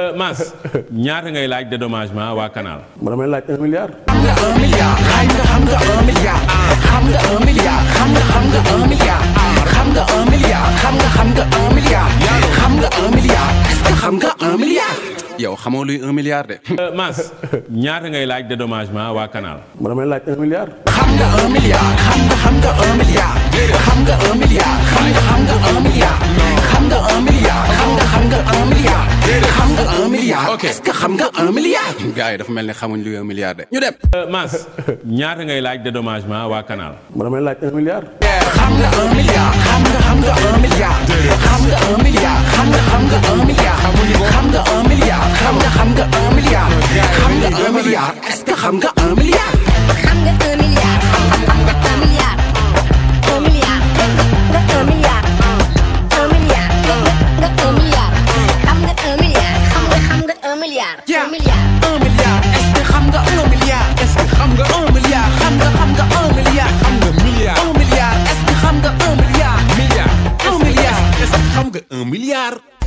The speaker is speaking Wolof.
Euh, Mass euh, ñaata ngay laaj dédommagement waa Canal. ma damay laaj un milliard. xam nga milliard xam nga luy un milliard de. Mass ñaata ngay laaj de waa Canal. ma damay laaj un milliard. xam milliard. milliard ok est-ce xam milliard. gars yi dafa mel ni xamuñ luy un milliard de. ñu dem. Euh, Mass ñaata ngay laaj dédommagement waa Canal. ma damay laaj un milliard. xam nga milliard. xam nga xam milliard. xam nga un milliard. xam nga xam milliard. xam nga un milliard. xam nga xam milliard. xam nga un milliard est-ce que milliard. un milliard. un milliard un milliard est-ce que xam nga un milliard. est-ce que xam nga un milliard. xam nga xam nga un milliard. xam nga milliard. un milliard est-ce que xam nga un milliard. milliard un milliard est-ce que xam nga un milliard.